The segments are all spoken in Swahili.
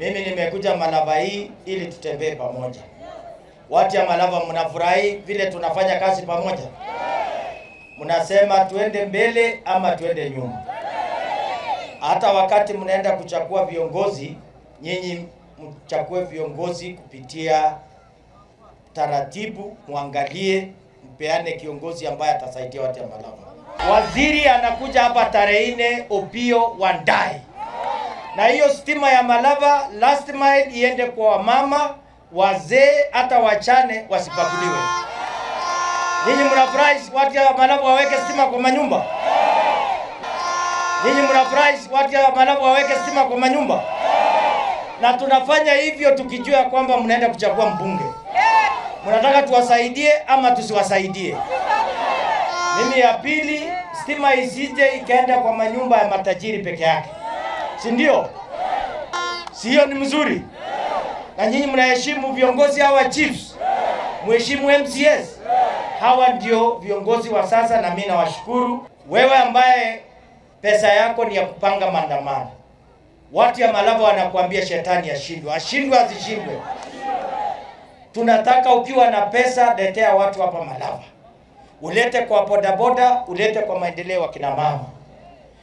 Mimi nimekuja Malava hii ili tutembee pamoja. Watu ya Malava, mnafurahi vile tunafanya kazi pamoja? Mnasema tuende mbele ama tuende nyuma? Hata wakati mnaenda kuchagua viongozi, nyinyi mchague viongozi kupitia taratibu, mwangalie, mpeane kiongozi ambaye atasaidia watu ya Malava. Waziri anakuja hapa tarehe nne, Opio Wandayi na hiyo stima ya Malava last mile iende kwa wamama, wazee, hata wachane wasipakuliwe. Ninyi mnafurahi watu ya Malava waweke stima kwa manyumba? Ninyi mnafurahi watu ya Malava waweke stima kwa manyumba? Na tunafanya hivyo tukijua kwamba mnaenda kuchagua mbunge. Mnataka tuwasaidie ama tusiwasaidie? Mimi ya pili, stima isije ikaenda kwa manyumba ya matajiri peke yake si ndio? Si hiyo ni mzuri? Na nyinyi mnaheshimu viongozi hawa chiefs, mheshimu MCS. Hawa ndio viongozi wa sasa, na mimi nawashukuru. Wewe ambaye pesa yako ni ya kupanga maandamano, watu ya Malava wanakuambia shetani ashindwe, ashindwe, azishindwe. Tunataka ukiwa na pesa, letea watu hapa Malava, ulete kwa bodaboda, ulete kwa maendeleo ya kina mama.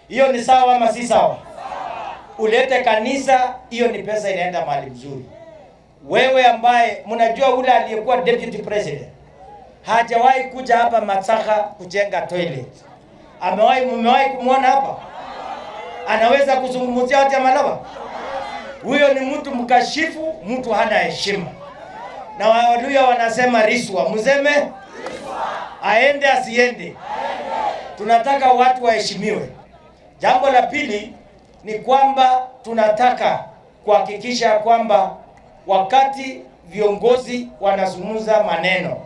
Hiyo ni sawa ama si sawa? ulete kanisa, hiyo ni pesa inaenda mahali mzuri. Wewe ambaye mnajua ule aliyekuwa deputy president hajawahi kuja hapa Masaka kujenga toilet, amewahi mmewahi kumwona hapa? Anaweza kuzungumzia watu Malaba? Huyo ni mtu mkashifu, mtu hana heshima. Na Waluya wanasema riswa, mseme aende asiende, aende. Tunataka watu waheshimiwe. Jambo la pili ni kwamba tunataka kuhakikisha kwamba wakati viongozi wanazungumza maneno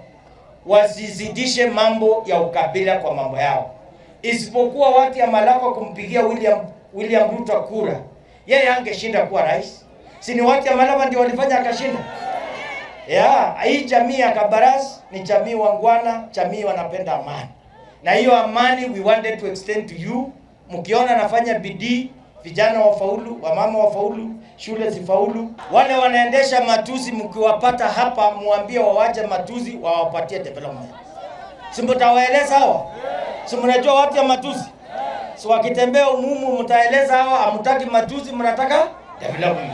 wasizidishe mambo ya ukabila kwa mambo yao, isipokuwa watu ya Malava kumpigia William William Ruto kura, yeye angeshinda kuwa rais. Si ni watu ya Malava ndio walifanya akashinda? Yeah, hii jamii ya Kabaras ni jamii wangwana, jamii wanapenda amani, na hiyo amani we wanted to extend to you. Mkiona anafanya bidii vijana wafaulu, wamama wafaulu, shule zifaulu. Wale wanaendesha matuzi, mkiwapata hapa muambie wawache matuzi, wawapatie development. Si mtawaeleza hawa? Si mnajua watu ya matuzi? Si wakitembea umumu, mtaeleza hawa amtaki matuzi, mnataka development.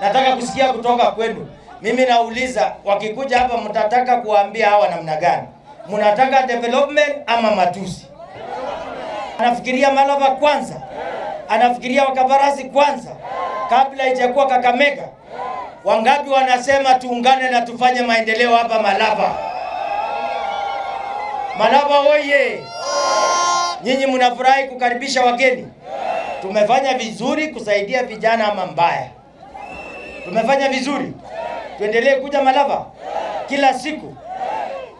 Nataka kusikia kutoka kwenu. Mimi nauliza, wakikuja hapa mtataka kuambia hawa namna gani? Mnataka development ama matuzi? Nafikiria Malava kwanza anafikiria wakabarasi kwanza kabla haijakuwa Kakamega. Wangapi wanasema tuungane na tufanye maendeleo hapa Malava? Malava oye! Nyinyi mnafurahi kukaribisha wageni. Tumefanya vizuri kusaidia vijana ama mbaya? Tumefanya vizuri, tuendelee kuja Malava kila siku.